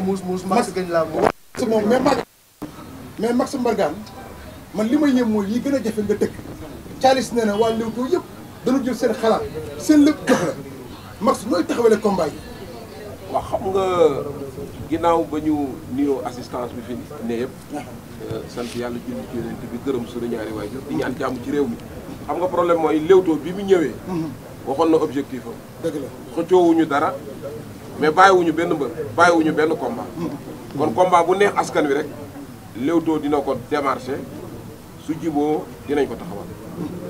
muus muus Max gën laa muus moom mais Max mais Max Mbargane man li may yëm mooy yi gën a jafe nga dëkk Thialis nee na waa Leewtoo yëpp dañu jël seen xalaat seen lépp jox la Max nooy taxawale combat yi waaw xam nga ginnaaw ba ñu nuyoo assistance bi fi ne yëpp euh, sant yàlla julli ci yonent bi gërëm suñu ñaari waajur di ñaan jàmm ci réew mi xam nga problème mooy Leewtoo bi mu ñëwee mhm. waxoon na objectif am dëgg la xëccoowuñu dara mais bàyyiwuñu benn mbër bàyyiwuñu benn combat. kon combat bu neex askan wi rek Leewtoo dina ko démarché su jiboo dinañ ko taxawal.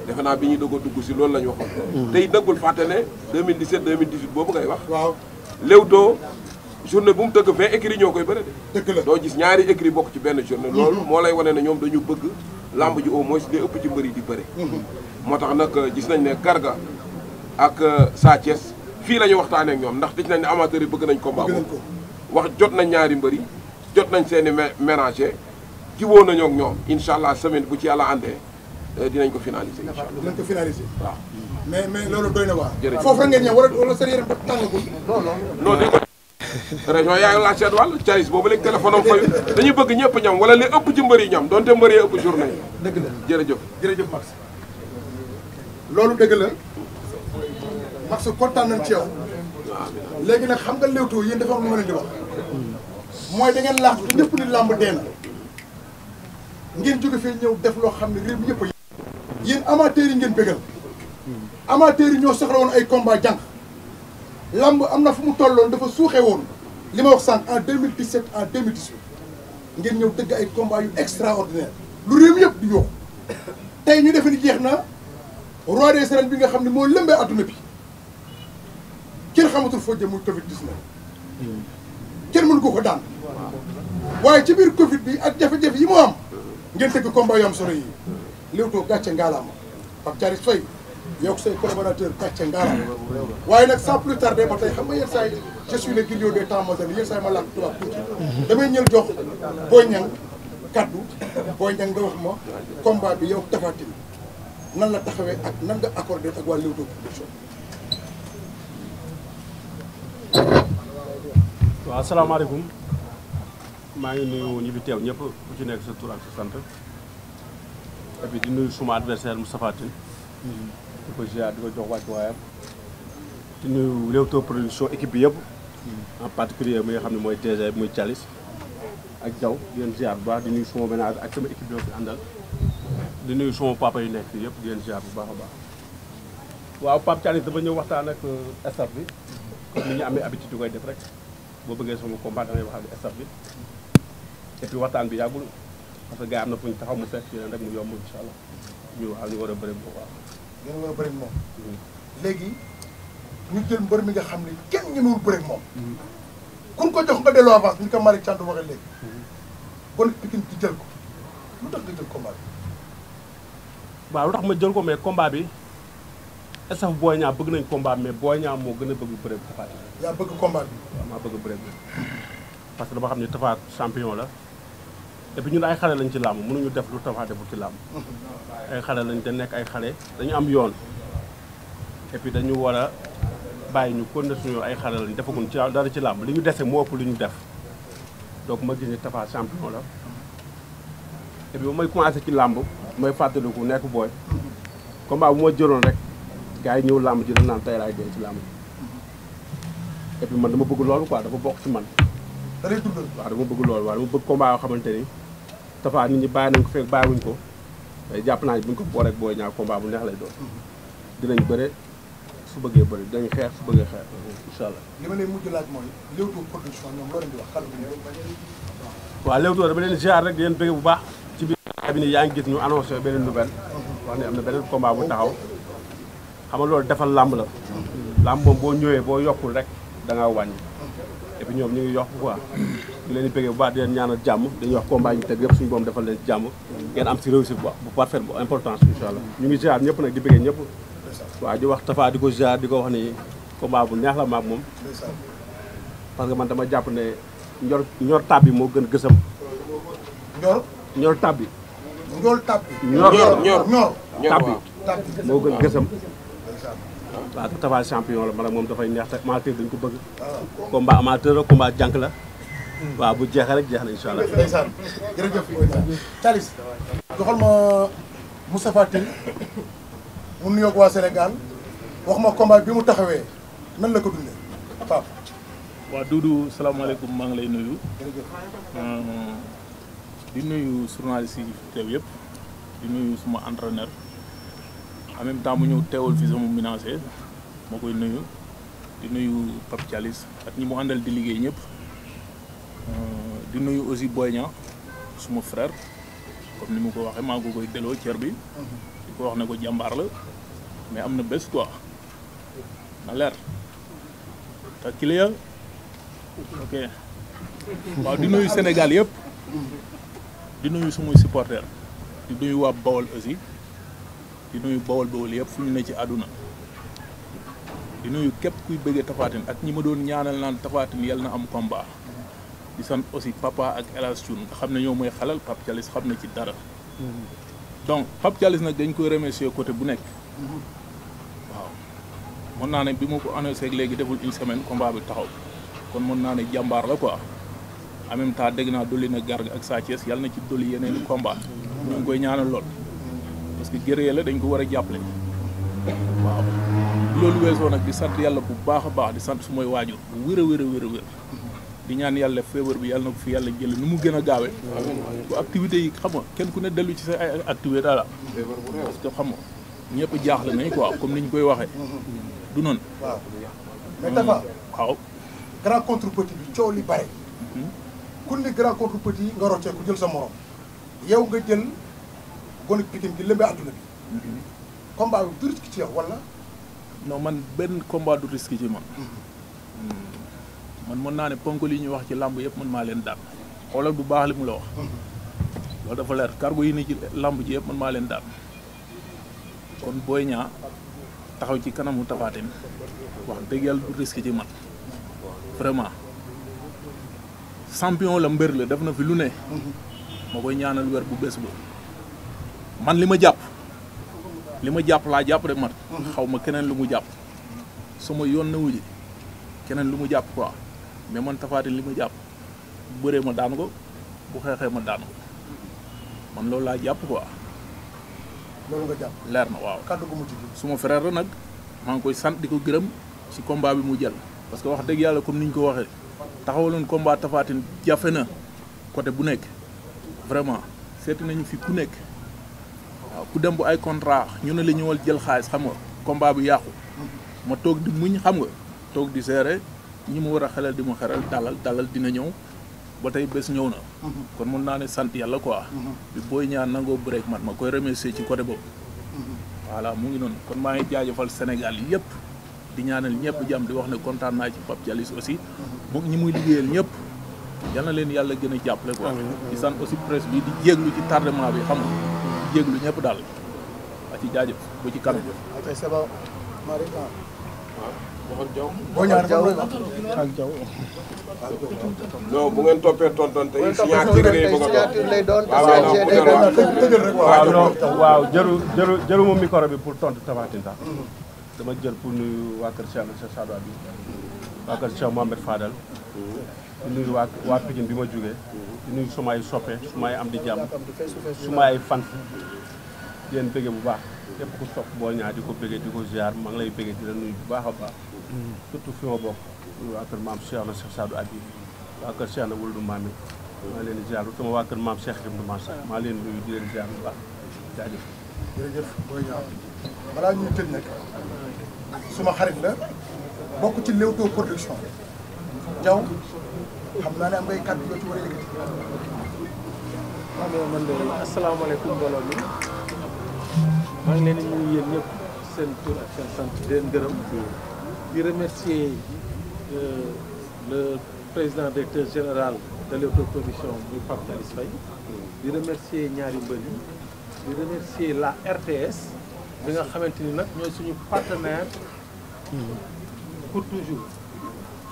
defe naa bi ñuy doog a dugg si loolu la ñu waxoon. Mm. tey dëggul fàtte ne 2017 2018 boobu ngay wax. waaw Leewtoo journée bu mu tëgg vingt écrits ñoo koy bëri de. doo gis ñaari écrits bokk ci benn journée. Mm-hmm. loolu moo lay wane ne ñoom dañu bëgg làmb ji au moins li ëpp ci mbër yi di bëri. Mm-hmm. moo tax nag gis nañ ne Garga ak euh, Sa Thiès fii la ñu waxtaanee ak ñoom ndax gis nañ ne amateurs yi bëgg nañ combat boobu wax jot nañ ñaari mbëri jot nañ seen i ménager jiwoo nañoo ak ñoom incha allah semaine bu ci yàlla àndee euh, dinañ ko finaliser incha allah dinañ ko finaliser waaw. mais mais loolu doy na waar. jërëjëf foofu rek ngeen ñëw wala wala seen yaram tàngagul. non non non non. région yaa ngi laaj seet wàll caris boobu léegi téléphone am fayu dañu bëgg ñëpp ñam wala li ëpp ci mbëri ñam donte mbëri ëpp journée yi. dëgg la jërëjëf jërëjëf Max loolu dëgg la. parce que kontaan nañ ci yow léegi nag xam nga Leewtoo yéen dafa am lu ma di wax mooy da ngeen làmb te ñëpp ni làmb deen ngeen jóge fee ñëw def loo xam ne réew mi ñëpp a yéen amateurs yi ngeen bégal amateurs yi ñoo soxla woon ay combat jànq làmb am na fu mu tolloon dafa suuxee woon li ma wax sànq en 2017 en 2018 ngeen ñëw dëgg ay combat yu extraordinaire lu réew mi yëpp di yooxu tey ñu defe jeex na roi des bi nga xam ne moo lëmbee adduna kenn xamatul foo jëm muy Covid 19. kenn mënu ko ko daan. waaye ci biir Covid bi ak jafe-jafe yi mu am. ngeen tëgg combat yu am solo yi. Leewtoo gàcce ngaalaama Pape Thiaris Faye yokk say collaborateur gàcce ngaalaama waaye nag sans plus tarder ba tey xam nga yenn saa yi je suis le griot des temps modernes yenn saa yi ma làkk tubaab tuuti damay ñëw jox Boy Niang kaddu Boy Niang nga wax ma combat bi yow Tapha nan la taxawee ak nan nga accordé ak waa Leewtoo production waaw asalaamaaleykum maa ngi nuyu ñi fi teew ñëpp ku ci nekk sa tur ak sa sant et puis di nuyu suma adversaire Moustapha Tine di ko ziar di ko jox wàcc waayam di nuyu Leewtoo production équipe bi yëpp en particulier mi nga xam ne mooy DG bi muy Thialis ak Diaw di leen ziar bu baax di nuyu suma benn ak sama équipe bi fi àndal di nuyu suma papa yu nekk fii yëpp di leen ziar bu baax a baax waaw Pape Thialis dafa ñëw waxtaan ak euh, staff bi comme ni ñu amee habitude koy def rek boo bëggee sama combat damay wax ak staff bi et puis waxtaan bi yàggul parce que gars am na fu ñu taxaw mu seet si leen rek mu yomb incha allah ñu war a bëri moom a bëri moom. Hmm. léegi ñu jël mbër mi nga xam ne kenn ñemewul bëri moom. Hmm. kun ko jox nga delloo avance ni ko Malick Thiandou waxee léegi. Hmm. kon Pikine jël ko lu tax nga jël combat bi. waaw lu tax ma jël ko mais combat bi. est booy que bëgg nañ combat mais Boy Niang moo gën a bëgg bëre bëgg combat maa bëgg bëre parce que dama xam ne Tapha champion la et puis ñun ay xale lañ ci làmb mënuñu def lu Tapha deful ci làmb. xale lañ nekk ay xale dañu am yoon et dañu war bàyyi ñu continuer ay xale lañ defaguñ ci dara ci làmb li ñu dese moo ëpp li ñu def donc ma gis ne Tapha champion la et puis commencé ci làmb may fàttaliku nekk booy combat bu ma jëloon rek. gars yi ñëw làmb ji dañ naan tey laay dee ci làmb man dama bëgg loolu quoi dafa bokk ci man waaw dama bëgg loolu waaw dama bëgg combat yoo xamante ni Tapha nit ñi bàyyi nañ ko fekk bàyyiwuñ ko jàpp naa ne bu ñu ko booleeg booy ñaar bu neex lay doon mhm. dinañ bëre su bëggee bëri dañ xeex su bëggee xeex incha allah. li ma leen mujj laaj mooy Leewtoo production ñoom loolu di wax xale bu néew. waaw dama leen ziar rek leen bëgg bu baax ci biir bi nii yaa ngi gis ñu annoncé beneen nouvelle mhm. wax ne am na beneen combat bu taxaw xam nga loolu defal làmb la làmb moom boo ñëwee boo yokkul rek da nga wàññi ñoom ñu ngi yokk quoi di leen di bëggee bu baax jàmm dañuy wax combat ñu teg yëpp suñu boom defal am si réussite bu parfait bu importance incha ñu ngi ziar ñëpp nag di bëggee ñëpp waaw wax Tapha di ko ziar di ko wax ni combat bu neex la maag moom parce que man dama jàpp ne ñor ñor tab moo gën gësam ñor ñor moo gën gësam waaw Tapha champion la man moom dafay neex te amateur dañ ko bëgg. combat amateur la combat jànk la. waaw bu jeexee rek jeex na incha allah. jërëjëf Thialis joxal ma Moustapha Tine mu nuyoog waa Sénégal wax ma combat bi mu taxawee nan la ko dundee Pape. waaw Doudou salaamaaleykum maa ngi lay nuyu. Euh, di nuyu journaliste yi teew yëpp di nuyu suma entraîneur. en même temps mu ñëw teewal fi sama menacé moo koy nuyu di nuyu Pape Thialis ak ñi mu àndal di liggéey ñëpp euh, di nuyu aussi Boy Niang suma frère comme ni mu ko waxee maa ngi koy delloo cër bi di ko wax ne ko jàmbaar la mais am na bés quoi na leer te client waaw di nuyu Sénégal yëpp di nuyu sumuy supporter di nuyu waa Bawol aussi di nuyu bawol bawol yëpp fu ñu ne ci àdduna di nuyu képp kuy bëggee tafaatin ak ñi ma doon ñaanal naan tafaatin yal na am komba di sant aussi papa ak El nga xam ne ñoo mooy xalal Pape calis xam na ci dara donc Pape Thialis nag dañ koy remercier côté bu nekk waaw mën naa ne bi mu ko annoncé léegi deful une semaine combat bi taxaw kon mën naa ne jàmbaar la quoi en même dégg naa dolli na garga ak Sa Thiès na ci dolli yeneen combat ñu ngi koy ñaanal lool parce que jëree la dañ ko war a jàppale waaw loolu weesoo nag di sant yàlla bu baax a baax di sant su may waajur bu wér a wér a wér a wér di ñaan yàlla feebar bi yàlla na ko fi yàlla jële nu mu gën a gaawe bu activité yi xam nga kenn ku ne dellu ci sa ay activité la parce que xam nga ñëpp jaaxle nañ quoi comme ni ñu koy waxee du noonu waaw mais dafa waaw grand contre petit bi coow li bare mhm. ku ni grand contre petit nga roccee ku jël sa morom yow nga jël gone Pikine gi lëmbee àdduna bi combat bi du risque ci yow wala. non man benn combat du risque ci man. Hmm. man mën naa ne ponk li ñuy wax ci làmb yëpp man maa leen daan xoolal bu baax li mu la wax. Hmm. loolu dafa leer cargo yi ni ci làmb ji yëpp man maa leen daan kon booy ñaa taxaw ci kanamu tafaatin wax dëgg yàlla du risque ci man vraiment champion la mbër la def na fi lu ne. Hmm. ma koy ñaanal weer bu bés ba. man li ma jàpp li ma jàpp laa jàpp de man xaw ma keneen lu mu jàpp sama yoon na wuji keneen lu mu jàpp ko mais man Tapha li ma jàpp bu bëree ma daan ko bu xeexee ma daan ko man loolu laa jàpp ko loolu nga leer na waaw. kàddu gu mujj suma frère la nag maa ngi koy sant di ko gërëm ci combat bi mu jël. parce que wax dëgg yàlla comme ni ñu ko waxee taxawaloon combat Tapha Tine jafe na côté bu nekk vraiment seeti nañu fi ku nekk. waaw ku dem bu ay contrat ñu ne la ñëwal jël xaalis xam nga combat bu yàqu ma toog di muñ xam nga toog di seere ñi mu war a xelal di mu xelal dalal dalal dina ñëw ba tey bés ñëw na. kon mun naa ne sant yàlla quoi. bi booy ñaan nangoo break man ma koy remercier ci côté boobu. voilà mu ngi noonu kon maa ngi jaajëfal Sénégal yëpp di ñaanal ñëpp jàmm di wax ne kontaan naa ci Pape Thialis aussi. moom ñi muy liggéeyal ñëpp. yal na leen yàlla gën a jàppale ko di sant aussi presse bi di jéeglu ci tardement bi xam jéglu ñëpp daal a ci jaajëf bu ci kanam ah. non bu ngeen toppee tonton tey signature lay bëgg a doon ah, waaw ah, non waaw jëru jëru jëruma micro bi pour tontu Tapha mhm. dama jël pour nuyu waa kër Cheikh Amadou Cheikh Sadou Abi waa kër Cheikh Mohamed Fadal mhm. di nuyu waa waa Pikine bi ma jógee di nuyu sumay soppe sumay am di jàmm sumay fan di leen bëggee bu baax képp ku sopp Boy Niang di ko bëggee di ko ziar maa lay bëggee di la nuyu bu baax a baax surtout fi ma bokk waa kër maam Cheikh na Cheikh Sadou Abi waa kër Cheikh na wuldu maam leen di ziar sama waa kër maam Cheikh Ibn Mansour maa leen nuyu di leen ziar bu baax jaajëf jërëjëf Boy Niang balaa xarit la bokk ci Leewtoo production jaw xam naa ne am ngay kàddu man de asalaamaaleykum mbooloo mi maa ngi leen di yéen ñëpp seen tur seen sant di gërëm di remercier euh, le président directeur général de l'autoproduction muy Pape Thialis Faye di remercier ñaari mbër yi di remercier la RTS bi nga xamante ni nag ñooy suñu partenaire pour toujours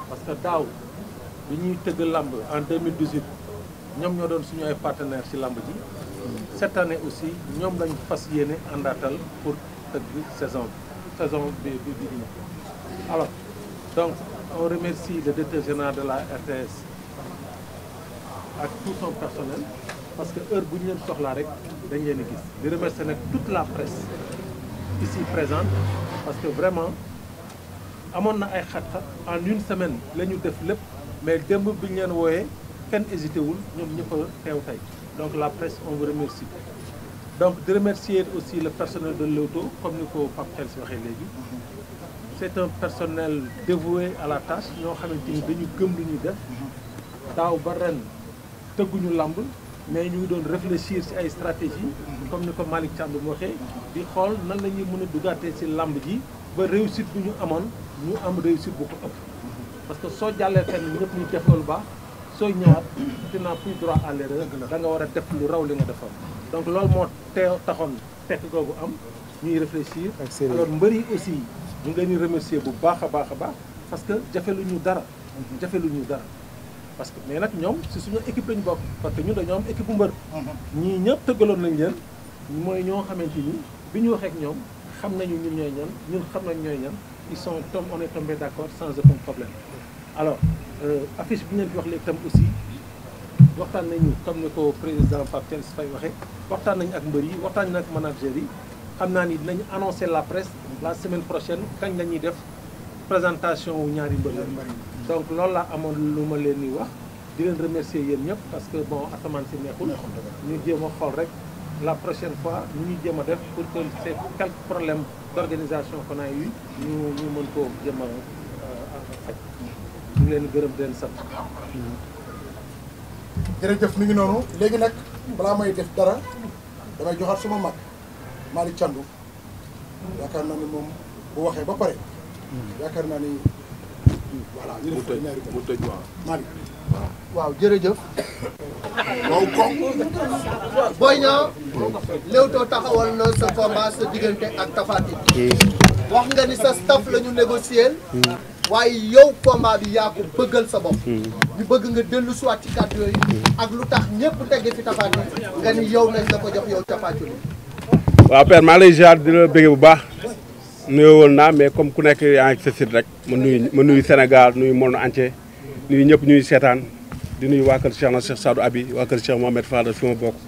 parce que daaw bi ñuy tëgg làmb en 2018 ñoom ñoo doon suñu ay partenaires ci làmb ji cette année aussi ñoom lañ fas yéene àndaatal pour tëgg saison saison bi bi bi ñëw alors donc on remercie de directeur général de la RTS ak tout son personnel parce que heure bu ñu leen soxlaa rek dañ leen gis di remercier nag toute la presse ici présent parce que vraiment amoon na ay xat en une semaine la ñu def lépp mais démb bi ñu leen wooyee kenn hésité wul ñoom ñu ko teew donc la presse on vous donc di remercier aussi le personnel de Leewtoo comme ni ko Pape Thiel si waxee léegi c'est un personnel dévoué à la tâche ñoo xamante ni dañu gëm lu ñuy def daaw ba ren tëgguñu làmb mais ñu ngi doon réfléchir ci ay stratégie comme ni ko Malick Thiam mu waxee di xool nan la ñuy mën a dugaatee ci làmb ji ba réussite bu ñu amoon ñu am réussite bu ko ëpp parce que soo jàllee fenn ñëpp ñu def lu baax sooy ñëwaat tu n'as plus droit à l'erreur da nga war a def lu raw li nga defoon donc loolu moo te taxoon tekk googu am ñuy réfléchir alors mbër yi aussi ñu ngeen leen remercier bu baax a baax a baax parce que jafe lu ñu dara mm-hmm. jafe lu ñu dara parce que mais nag ñoom si suñu équipe lañu bokk parce que ñun dañoo am équipe bu mbër mm-hmm. ñii ñëpp tëggaloon nañ leen mooy ñoo xamante ni bi ñu waxee ak ñoom xam nañu ñun ñooy ñan ñun xam nañ ñooy ñan il sont tom on est tombé d'accord sans aucun problème alors euh, affiche bi ngeen di wax léegi tam aussi waxtaan nañu comme ni ko président Pape su fay waxee waxtaan nañu ak mbër yi waxtaan nañu ak manager yi xam naa ni dinañu annoncer la presse la semaine prochaine kañ la ñuy def présentation wu ñaari mbër la donc loolu laa amoon lu ma leen di wax di leen remercier yéen ñëpp parce que bon asamaan si neexul ñu jéem a xool rek la prochaine fois nu ñuy jéem a def pour que ces quelques problèmes d'organisation qu'on a eu ñu ñu mën koo jéem a faj euh, ñu leen gërëm di leen sant. jërëjëf mi ngi noonu léegi nag balaa may def dara damay joxaat suma mag Malick Thiandou yaakaar naa ni moom bu waxee ba pare. yaakaar naa ni voilà ñu def. mu tëj mu tëj waaw Malick waaw jërëjëf. waaw kon. Boy Niang Leewtoo sa combat sa diggante ak Tapha Tine. Hmm. wax nga ni sa staff la ñu hmm. waaye yow combat bi yaa ko bëggal sa bopp. Hmm. ñu bëgg nga dellu si waat ci kàddu yooyu. ak lu tax ñëpp tegge fi Tapha Tine nga ni yow nañ la ko jox yow Tapha Tine. waaw père maa lay di la bëgge bu baax. nuyoo woon naa mais comme ku nekk yaa ngi rek ma nuyu ma nuyu Sénégal nuyu monde entier nuyu ñëpp ñuy seetaan. di nuyu waa kër Cheikh na Cheikh Sadou Abi waa kër Cheikh Mohamed Fadal fi ma bokk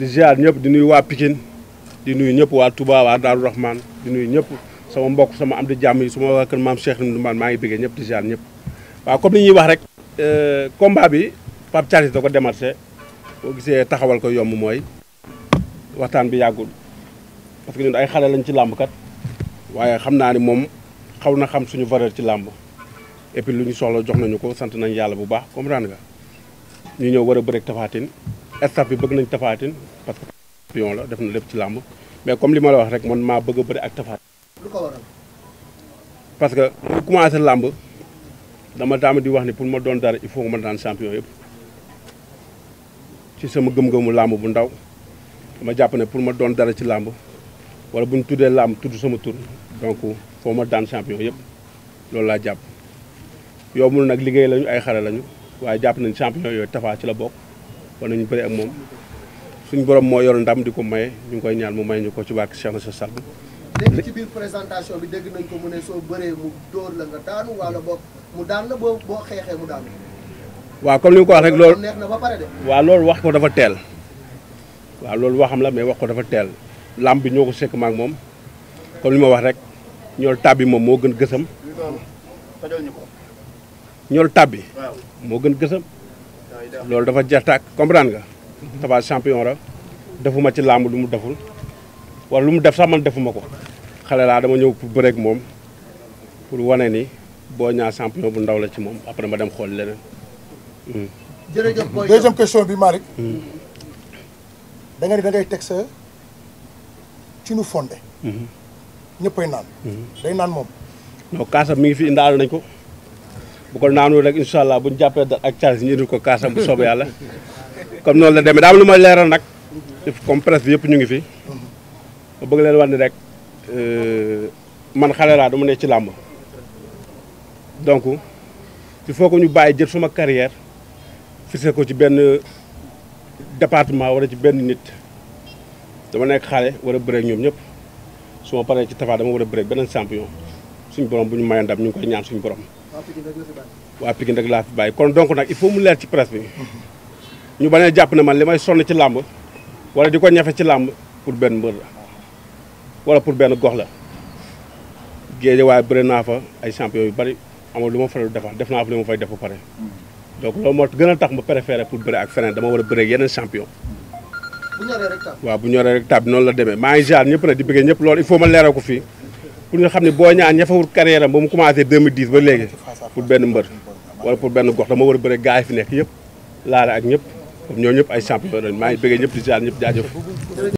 di ziar ñëpp di nuyu waa Pikine di nuyu ñëpp waa Touba waa Daaru Rahman di nuyu ñëpp sama mbokk sama am di jàmm yi su ma waa kër maam Cheikh Ndoumbe maa ngi bëggee ñëpp di ziar ñëpp waaw comme ni ñuy wax rek euh, combat bi Pape Thialis da ko démarché boo gisee taxawal ko yomb mooy waxtaan bi yàggul parce que ñun ay xale lañ ci làmb kat waaye xam naa ni moom xaw na xam suñu valeur ci làmb et puis lu ñu soxla jox nañu ko sant nañ yàlla bu baax comprendre nga ñu ñëw war a bëreeg Tapha Tine staff bi bëgg nañ Tapha Tine parce que champion la def na lépp ci làmb mais comme li ma la wax rek man maa bëgg a bëri ak Tapha Tine. lu ko waral. parce que mu commencé làmb dama daam di wax ni pour ma doon dara il faut ma daan champion yëpp ci sama gëm-gëmu làmb bu ndaw dama jàpp ne pour ma doon dara ci làmb wala bu ñu tuddee làmb tudd sama tur donc foo ma daan champion yëpp loolu laa jàpp yombul nag liggéey lañu ay xare lañu. waaye jàpp nañ champion yooyu Tapha ci la bokk war nañu bëri ak moom suñu borom moo yor ndam di ko maye ñu ngi koy ñaan mu may ñu ko ci barke Cheikh na sa sall léegi bi dégg nañ ko mu ne soo bëree mu dóor la nga waaw comme li nga ko wax rek lool waa loolu wax ko dafa teel waa loolu waxam la mais wax ko dafa teel làmb bi ñoo ko sekk maak moom comme li ma wax rek ñool tàbbi moom moo gën gësam ñool tàbbi moo gën gësam loolu dafa jeex tàkk comprendre nga Tapha champion ra defuma ci làmb lu mu deful wala lu mu def sax man defuma ko xale laa dama ñëw pour bëreeg moom pour wane ni boo ñaa champion bu ndaw la ci moom après ma dem xool leneen. Hmm. jërëjëf deuxième question bi Malick. Hmm. da nga ni teg sa ci nu fondé. Hmm. ñëppay naan. day naan moom. non kaasam mi ngi fi indaale nañ ko. bu ko naanu rek incha allah bu ñu jàppee dal ak charge ñu indi ko kaasam bu soobee yàlla comme noonu la demee daa am lu ma leeral nag comme presse bi ñu ngi fi ma bëgg leen wax ni rek euh, man xale laa dama ne ci làmb donc il faut que ñu bàyyi jël suma carrière fixé ko ci benn département wala ci benn nit dama nekk xale war a bëreeg ñoom ñëpp su ma paree ci Tapha dama war a bëreeg beneen champion suñ borom bu ñu may ndam ñu ngi koy ñaan suñu borom waa Pikine rek laa fi bàyyi kon donc nag il faut mu leer ci presse bi ñu bañ jàpp na man li may sonn ci làmb wala di ko ñafe ci làmb pour benn mbër la wala pour benn gox la géej waaye bëri naa fa ay champion yu bari amul lu ma fa defal def naa fa li ma fay def ba pare donc loolu moo gën a tax ma préféré pour bëri ak feneen dama war a bëri yeneen champion bu ñoree rek tab waaw noonu la deme maa ngi jaar ñëpp nag di bëggee ñëpp loolu il ma leeral ko fii pour ñu xam ne boo Niang ña fa wut carrière am ba mu commencé 2010 ba léegi pour benn mbër wala pour benn gox dama war a bëre gaa fi nekk yëpp laale ak ñëpp ñoo ñëpp ay champion lañ maa ngi bëggee ñëpp di jaar ñëpp jaajëf